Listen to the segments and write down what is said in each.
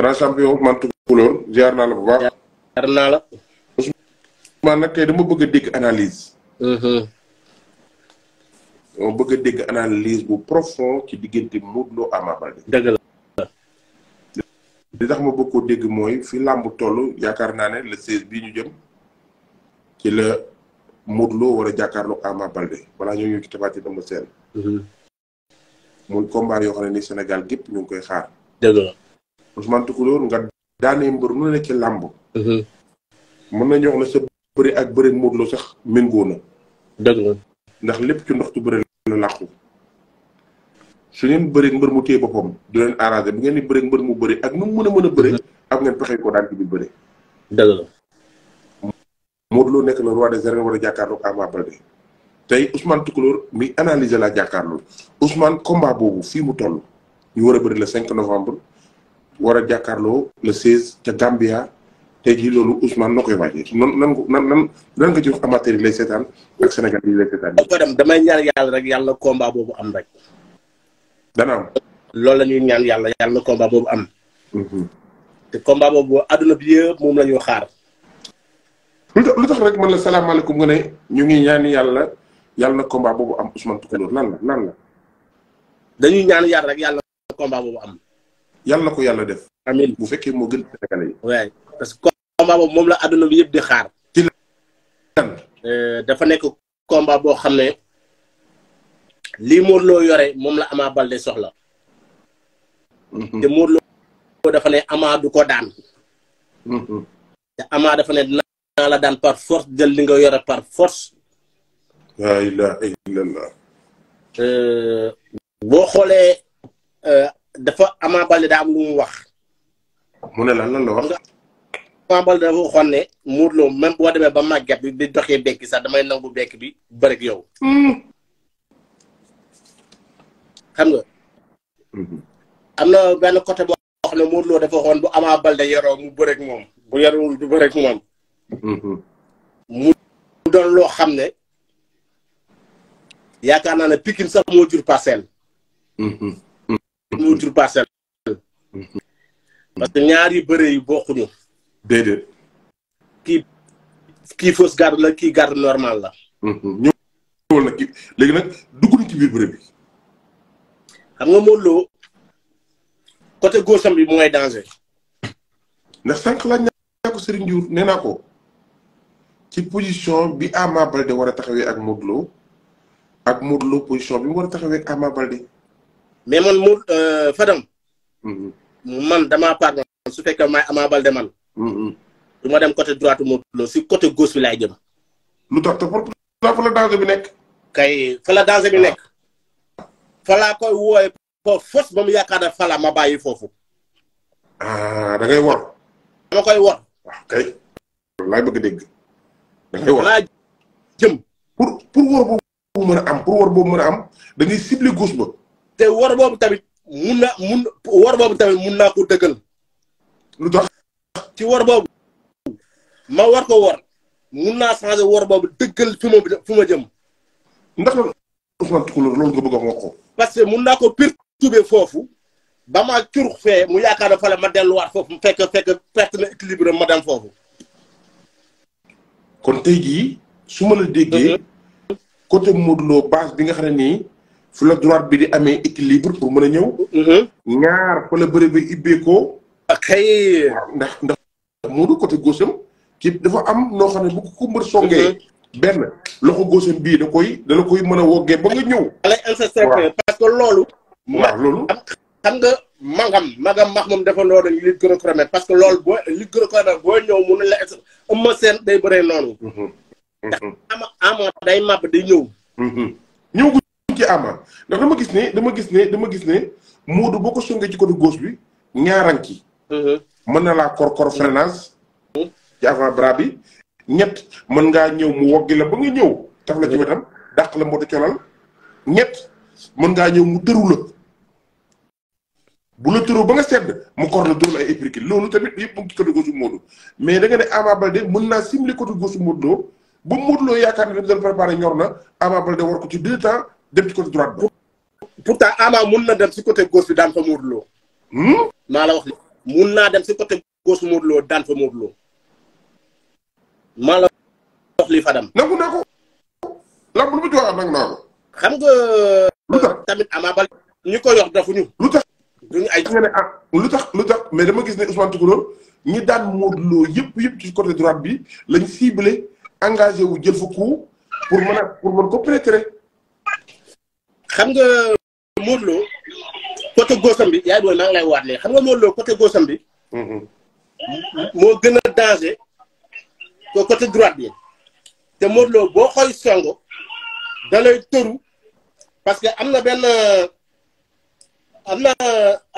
grand champion man tukulóor ziar naa la bu baax. ziar naa bëgg a dégg analyse. Mhm. dama bëgg a dégg analyse bu profond ci diggante Modou Lo Ama Baldé. ma bëgg koo dégg mooy fi làmb toll yaakaar naa ne le 16 bii ñu jëm ci la Modou Lo war a jàkkaarloog Ama Baldé balaa ñoo ñëw ci tabaati dama seen. muy combat yoo xam ne ni Sénégal gépp ñu koy xaar. dëgg Ousmane Toucouleur nga daanee mbër mu ne lamb hmm mën nañu ñox ne sa bëri ak bëri Modou Lo sax méngoo na deug la ndax lepp ci ndoxtu tu bëri la làqu su ngeen bëri mbër mu tey boppam du len arrangé bu ngeen di bëri mbër mu bëri ak nu mëna mëna a mën bëri mhm. am ngeen pexe ko daan ci bi bëri deug la Modou Lo nekk na roi des arènes wala jakarlo ak ma Baldé tay Ousmane Toucouleur mi analyser la jakarlo Ousmane combat bobu fi mu toll ñu wara a bëri le 5 novembre war a jàkkaarloo le 16 ca Gambia tey jii loolu Ousmane noo koy waajee nan nan nan nan nan nga ci wax amateur yi lay seetaan ak Sénégal yi lay seetaan. ba dem damay ñaan yàlla rek yàlla combat boobu am rek. dana am. loolu la ñuy ñaan yàlla yàlla na combat boobu am. Mhm. te combat boobu aduna bi yëpp moom la ñu xaar. lu tax lu tax rek man la salaamaaleykum nga ne ñu ngi ñaan yàlla yàlla na combat boobu am Ousmane Toukalou nan la nan la. dañuy ñaan yàlla rek yàlla na combat boobu am. yàlla na ko yàlla def. amiin bu fekkee moo gën Sénégalais yi. waay parce que combat boobu moom la adduna bi yëpp di xaar. ci lan. Euh, dafa nekk combat boo xam ne lii Modou Lo yore moom la Ama Baldé soxla. Mhm. te Modou Lo dafa ne du ko daan. Mhm. te Ama dafa ne dinaa la daan par force jël li nga yore par force. laa ilaaha illallaah. Euh, boo xoolee. Euh, dafa Ama Baldé daa am lu mu wax. mu ne wax. demee ba màgget bi di doxee bekki sax damay nangu bekk bi bëri ak yow. Hmm. xam nga. Hmm. am na benn côté boo xam ne Modou Lo dafa waxoon bu Ama Baldé yoroo mu bëri moom hmm. mu doon loo xam ne yaakaar naa ne Pikine sax moo jur parcelle. mu jur parcelle. parce que ñaar yu bëre yi bokkuñu. déedéet. kii kii fausse garde la kii garde normal la. Mhm. ñëwul nag léegi nag dugg nañ ci biir bëre bi. xam nga Modou Lo côté gauche am bi mooy danger. ndax sànq laa ñàkk Serigne Ndiour nee ko ci position bi Ama Baldé war a taxawee ak Modou Lo ak Modou position bi mu war a taxawee ak Ama Baldé. mais man mu euh, Fadam. Mm-hmm. man damaa pardon su fekkee may Ama Baldé man. Mm-hmm. du ma dem côté droite Modou si côté gauche bi laay jëm. lu tax te foofu bi nekk. kay fa bi ah. nekk. fa laa koy wooye foofu yaakaar ne fa ma bàyyi foofu. ah da ngay wor. dama koy wor. waaw pour boobu mën a am pour wor boobu mën a am da ngay ciblé ba. te wor boobu tamit mun na mun mun naa ko dëggal. lu tax ci wor boobu ma war ko wor mun naa changé wor boobu dëggal fi ma ma jëm. ndax Ousmane Toucouleur loolu nga bëgg a wax ko. parce que mun naa ko perturber foofu ba ma curux fee mu yaakaar ne fa ma delluwaat foofu mu fekk fekk perte na équilibre ma dem foofu. kon tey jii su ma la déggee. côté Modou Lo base bi nga xam nii. fu la droite bi di amee équilibre pour mën a ñëw. Mhm. ñaar fa la bëri bi ak xëy ndax ndax Modou côté gauche am ci dafa am noo xam ne bu ko mbër songee. Mhm. benn loxo gauche bii da koy da la koy mën a woggee ba nga ñëw. waaw parce que loolu. waaw loolu. xam nga magam magam max moom dafa noo doon li gréco-romaine parce que loolu boo li gréco-romaine boo ñëw mënu la ex ëmma seen day bëree noonu. ndax mhm. ama ama day màbb ñëw. ñëw ci Ama ndax dama gis ne dama gis ne dama gis ne Modou boo ko songee ci côté gauche bi ñaaraan ci. Mm-hmm. mën na laa kor-kor freinage. Mm-hmm. ci avant bi. ñett mën ngaa ñëw mu woggi la ba nga ñëw. taf la ci mm-hmm. wetam dàq la mbootu colal. ñett mën ngaa ñëw mu tëru bu la tëroo ba nga sedd mu kor la dóor la ay épercule loolu tamit yëpp mu ngi ci côté gauche Modou mais da nga ne Ama Baldé mën naa simli côté gauche Modou Lo ba Modou yaakaar ne dañu doon préparé ñor na Ama Baldé war ci deux temps. dem ci côté droite ba. pourtant Ama mun na dem si côté gauche bi daan fa Modou Lo. Hmm? maa la wax ne mun naa dem si côté gauche Modou Lo fa Modou Lo. maa la wax li fa dem. naa ko. lamb lu mu jox am nangu naa ko. xam nga. lu tax tamit Ama Baldé ñi ko yox dafuñu. lu tax duñu ay. nga ne ah, lu tax lu tax mais dama gis ne Ousmane Toucouleur ñi daan Modou Lo yëpp yëpp ci côté droite bi lañ ciblé engagé wu jël fa coup pour mën a pour mën ko pénétrer. xam nga mootlo Lo côté góosam bi yaay booy maa ngi lay waat léegi xam nga Modou Lo gossam bi. Mhm. moo gën a danger ko côté droite bi te Modou boo xooy songo da lay tëru parce que am na benn am na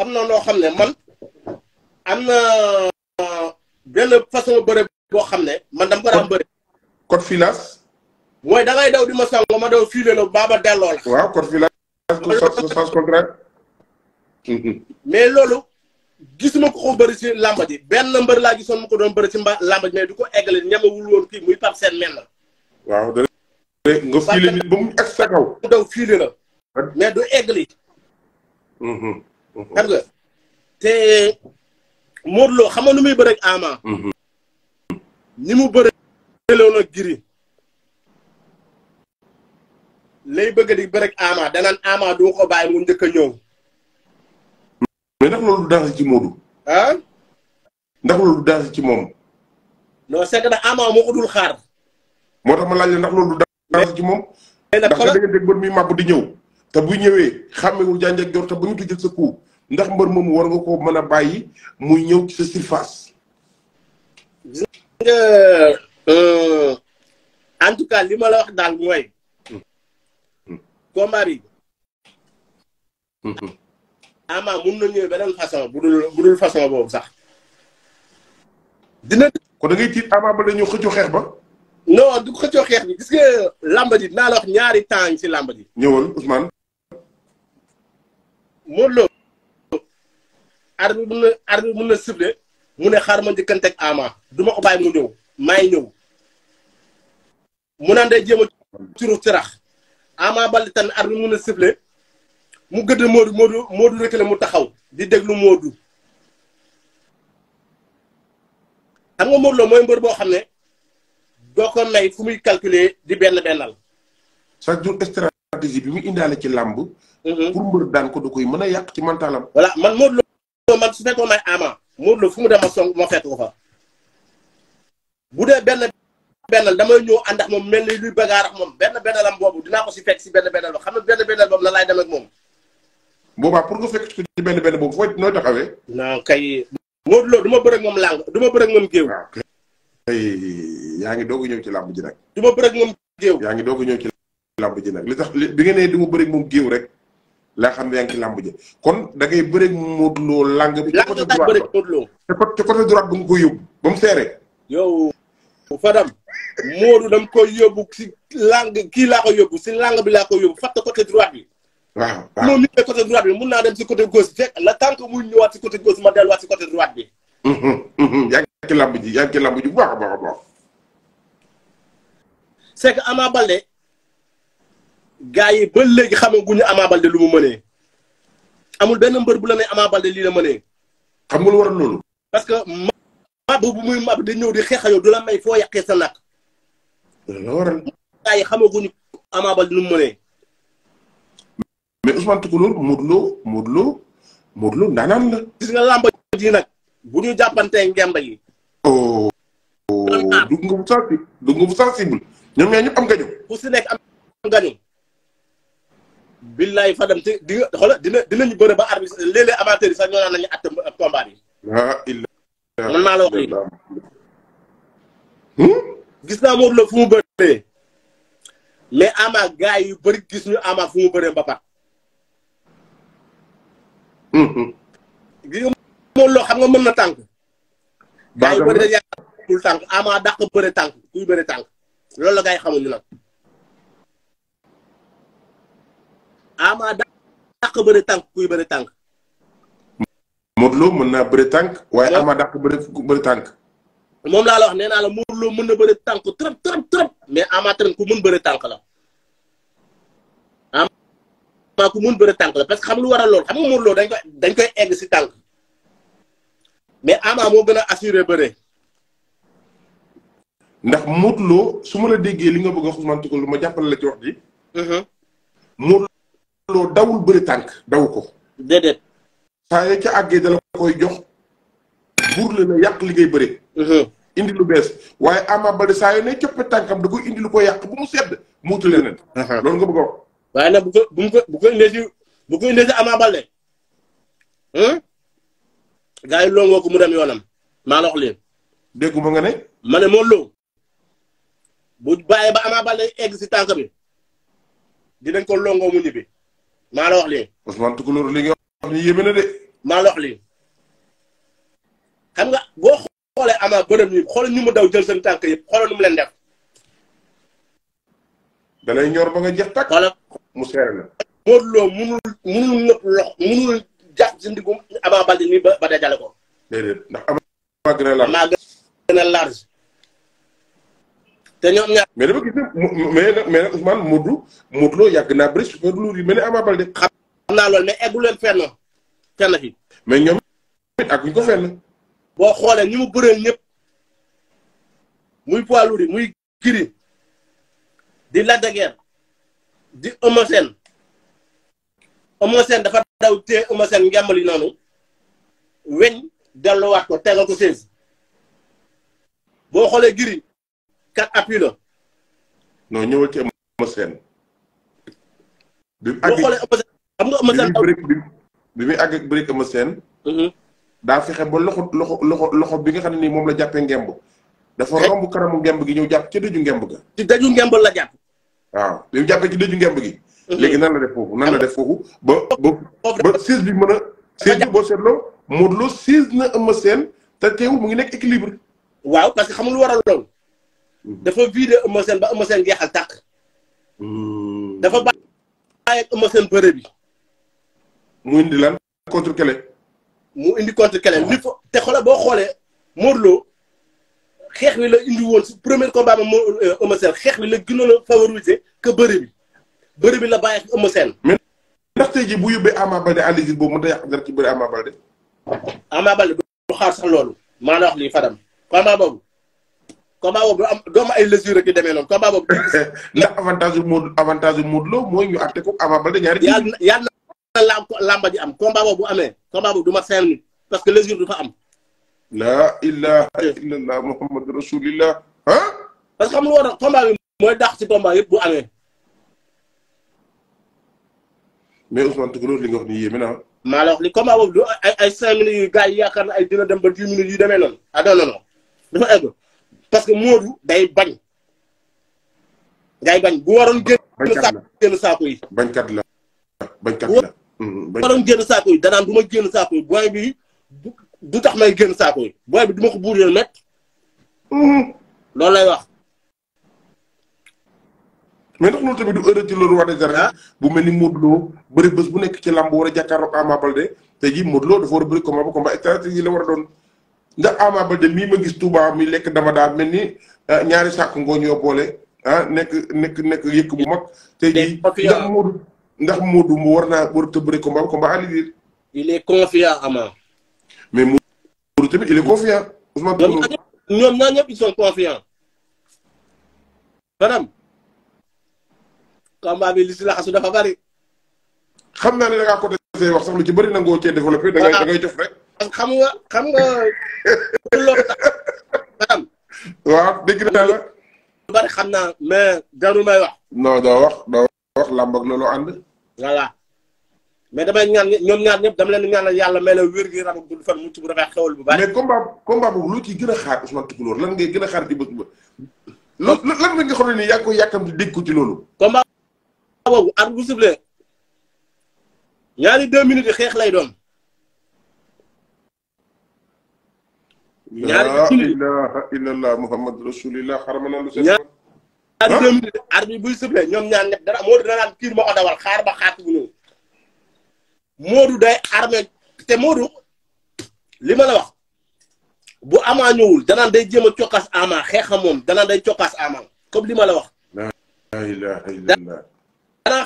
am na loo xam ne man am na euh, benn façon bëre boo xam ne man dama ko daan bëre. code finance. mooy da ngay daw di ma sango ma daw fii la baaba delloo la. waaw kon fii la sens mais loolu gisuma ko ko bari ci làmba ji benn mbari laa gisoon ma ko doon bëri ci mba làmba ji mais du ko eggale ñamewul woon kii muy Pape Sène mel na. waaw da nga fiile ba mu egg sa kaw. mu daw fiile la. mais du eggali. Mhm, mhm. xam nga te Modou Lo xam nga nu muy bëreeg Ama. Mhm. ni mu bëreeg loolu ak Gris. lay bëgg di bërek Ama danaan Ama du ko bàyyi mu njëkk a ñëw. mais ndax loolu du ci Modou. ah. ndax loolu du ci moom. non c'est que nag moo ko xaar. moo ma laaj la ndax loolu du danger ci moom. ndax da ngeen dégg mbër mi màbb di ñëw. te bu ñëwee xam xàmmewul janjak jor te bu ñu ko jël sa coup ndax mbër moomu war nga ko mën a bàyyi muy ñëw ci sa surface. gis euh, en tout li ma la wax daal mooy. combat bi. Mhm. ama mun na ñëw beneen façon bu dul bu dul façon boobu sax. dina. kon da ngay tiit ama ba dañoo xëccoo xeex ba. non du xëccoo xeex bi gis nga làmb ji wax ñaari temps ci làmb ji. ñëwal Ousmane. Modou Lo. ar bi mun na ar mun na siffler mu ne xaar ma njëkkante ak ama du ma ko bàyyi mu ñëw maay ñëw. mu naan day jéem a turu Ama Baldé tan ar bi mun a sifflé mu gëdd Modou Modou Modou reculé mu taxaw di déglu Modou xam nga Modou mooy mbër boo xam ne doo ko may fu muy calculer di benn bennal chaque jour stratégie bi mu indaale ci làmb mm-hmm. pour mbër daan ko da koy mën a yàq ci mentalam voilà man Modou Lo man su fekkoon may Ama Modou fu mu dema song moo fekk fa bu dee benn bennal damay ñëw ànd ak moom mel ni luy bagaar ak moom benn bennalam boobu dinaa ko si fekk si benn bennal ba xam ne benn bennal boobu la laay dem ak moom. boobaa pour nga fekk ci benn benn boobu fooy nooy taxawee. non kay. Modou Lo du ma bëreeg moom làng du ma bëreeg moom géew. Ah, yaa ngi doog a ñëw ci làmb ji nag. du ma bëreeg moom géew. yaa ngi doog a ñëw ci làmb ji nag li tax bi nga nee du ma bëreeg moom géew rek laa xam ne yaa ngi ci làmb ji kon da ngay bëreeg Modou Lo làng bi. làng bi daal bëreeg Modou Lo ci côté droite ba nga koy yóbbu ba mu seere yow Fadam Modou dam koy yóbbu si langue kii laa ko yóbbu si langue bi laa ko yóbbu fàtte côté droite bi. waaw waaw moom ñu côté droite bi mun naa dem si côté gauche fekk la tant que muy ñëwaat si côté gauche ma delluwaat si côté droite bi. Mhm, mhm. yaa ngi ci ji yaa ngi ci lamb ji bu baax a baax a baax. Balde gars yi ba léegi xamaguñu Ama Balde lu mu mënee. amul benn mbër bu la ne Ama Balde lii la mënee. xam nga lu loolu. parce que. mab bu muy mab da ñëw di xeex yow du la may foo yàqee sa nag. loolu waral. gars yi mu mënee. mais Ousmane Toucouleur Modou Lo Modou Lo Modou bu ñu jàppantee ngemba yi. oh. dugg nga bu sensible dugg nga bu sensible ñoom te di dina dinañu bëre ba arbitre léeg-léeg amateur yi sax ñoo naan nañu att man maa la wax gis naa moo Lo fu mu bëree. mais ama gars yu bëri gis ñu ama fu mu bëree mbapat. Hmm. gis nga Modou xam nga mën na tànk. gars yu bëri dañuy tànk ama dàq bëre tànk kuy bëre tànk loolu la gars yi amaa nag. ama dàq tànk kuy bëre tànk. Modou mën naa bëri tànk. waaye ama dàq bëri bëri tànk. moom laa la wax nee naa la Modou mën na bëri tànk trop trop trop. mais ama tamit ku mën bëri tànk la. ama ku mën bëri tànk la parce que xam lu waral lool xam nga Modou Lo dañ koy dañ egg si tànk. mais ama moo gën a assuré bëre. ndax Modou Lo su ma la déggee li nga bëgg a wax lu ma jàppale la ci wax ji. Mhm. Modou Lo dawul bëri tànk daw ko. déedéet. saa yoo ca àggee dala koy jox buur la la yàq liggéey ngay bëre. Mhm. indi lu bees waaye Ama Baldé saa yu ne coppe tànkam da koy indi lu ko yàq bu mu sedd mu uti leneen. Mhm. loolu nga bëgg a wax. waaye nag bu ko bu ko bu ko indee si bu ko hmm? yi longoo ko mu dem yoonam maa la wax nga ne. ma ne moo loo bu bàyyee ba Ama Baldé egg si tànk bi dinañ ko ñibbi maa la wax leen. Ousmane Toucouleur li nga wax de. maa xam nga boo xoolee Ama bëram yi ñu mu daw jël seen tànk yëpp xoolal nu leen def. ñor ba nga jeex tàkk. xoolal mu seere la. Modou Lo munul munul nëpp ko. déedéet ndax Ama gën a large. Ama gën a te ñoom ñaar. mais dama gis ne mais nag mais nag Ousmane Modou Modou naa bëri super lourd yi mel Ama Baldé. xam naa loolu mais eggu leen fenn fenn fi. mais ñoom it ak ñu fenn. boo xoolee ñi mu bëreel ñëpp muy poids lourd muy Gris di Lac de Guiers di Eumeu Sène dafa daw téye Eumeu Sène ngembali noonu weñ delluwaat ko tegal ko seize boo xoolee giri quatre appuis la non ñëwal ci Eumeu Sène boo xoolee Eumeu Sène xam bi muy àgg ak bëri daa fexe ba loxo loxo loxo loxo bi nga xam ne nii moom la jàppee ngemb. dafa romb kanamu ngemb gi ñëw jàpp ci dëju ngemb ga. ci dëju ngemb la jàpp. waaw li mu jàppee ci dëju ngemb gi. Mm-hmm. léegi nan la def foofu nan la def foofu boo ba ba siis bi mën a. siis bi boo seetloo Modou Lo siis na Eumeu Sène te teewul mu ngi nekk équilibre. waaw parce que xam lu waral loolu. Mm-hmm. dafa vidé Eumeu Sène ba Eumeu Sène jeexal tàq. Mm-hmm. dafa bàyyi ak Eumeu Sène bëre bi. muy indi lan contre mu indi contre keneen ah. li fa te xoola boo xoolee Modou xeex bi la indi woon su premier combat ma moo euh, Eumeu Sène xeex bi la gënoon a favoriser bi bëre bi la bàyyi ak Eumeu bu yóbbee Ama Balde àll boobu mënut ci bëri Ama Balde. Ama Balde du xaar sax loolu. maa la wax lii Fadam combat boobu combat boobu du am doo ay lésures rek yu demee noonu combat boobu. ndax avantage yu Modou avantage yu Modou Lo mooy ñu àtte ko Ama Balde ñaari. la làmba ji am combat boobu bu amee combat boobu du ma cinq minutes parce que les jours du fa am. la ilaha illallah muhammad rasulillah ah. parce que xam nga war combat bi mooy dàq ci combat yëpp bu amee. mais Ousmane Toucouleur li nga wax nii yéeme na maa la wax li combat boobu du ay ay cinq minutes yu gars yi yaakaar na ay dina dem ba dix minutes yu demee noonu ah non non non dafa egg parce que Modou day bañ. day bañ bu waroon génn. bañkat la génn saako yi. bañkat la bañkat la. waroon génn saako yi danaan du ma saako yi booy bi tax may génn saako yi booy bi du ma ko mm-hmm. lay wax mais ci loolu wax dëgg ah. bu mel ni Modou Lo bëri bés bu nekk ci làmb war a jàkkaarloog Ama Balde tey jii Modou Lo dafa war a bëri combat ba combat stratégie la a doon ndax Ama Balde mii ma gis Touba mi lekk dama daa mel ni ah, ñaari sàkk ngoo ñoo boole ah nekk nekk nekk yëkk bu mag. tey ndax Modou ndax Modou mu warna war naa warut a bëri combat combat annulé. il est confiant Ama. mais Modou tamit il est confiant. Ousmane Touré ñoom ñaar ils sont confiants. param kamba bi li si laxasu dafa bari. xamna ni da nga ko defé wax sax lu ci bari na ngo ci développer da ngay da ngay def rek. xam nga xam nga. loolu tax Fadam. waaw dégg la. bari xamna mais daru may wax. non da wax da wax lambak lolo and voilà mais damay ñaan ñoom ñaan ñëpp dama leen ñaanal yàlla may la wér gi ramu gudd fan mucc bu rafet xewal bu baax. mais combat combat boobu lu ci gën a xaar Ousmane Toucouleur lan ngay gën a xaar di ba. lan lan la nga xam ne nii yaa ngi koy yàkkam di dégg ko ci loolu. combat boobu at yi xeex lay doon. ñaari la a illallah muhammad rasulillah arbitre buy sifflé ñoom ñaan ñëpp dara Modou dana naan kii ma dawal xaar ba xaatu bu ñëw Modou day armé te Modou li ma la wax bu amaa ñëwul danaan day jéem a cokkaas Ama xeexa moom danaan day cokkaas Ama comme li ma la wax. la ilaha illallah.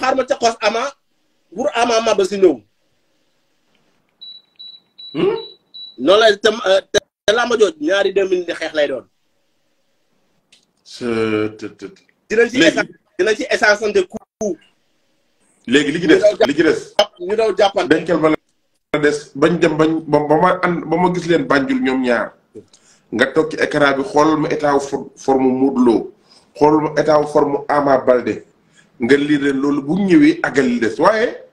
xaar ma cokkaas Ama pour Ama ma ba si ñëw. Hmm? noonu la te te làmba jooj ñaari deux minutes xeex lay doon. dina ci essence dina ci essence ante ku léegi li ci des li ci des ñu daw jàppante dencal ma la des bañ dem bañ ba ma an ba ma gis leen bànjul ñoom ñaar nga toog ci écran bi xoolal ma état forme Modou Lo xoolal ma état forme Ama Baldé nga lii leen loolu bu ñëwee àggali des waaye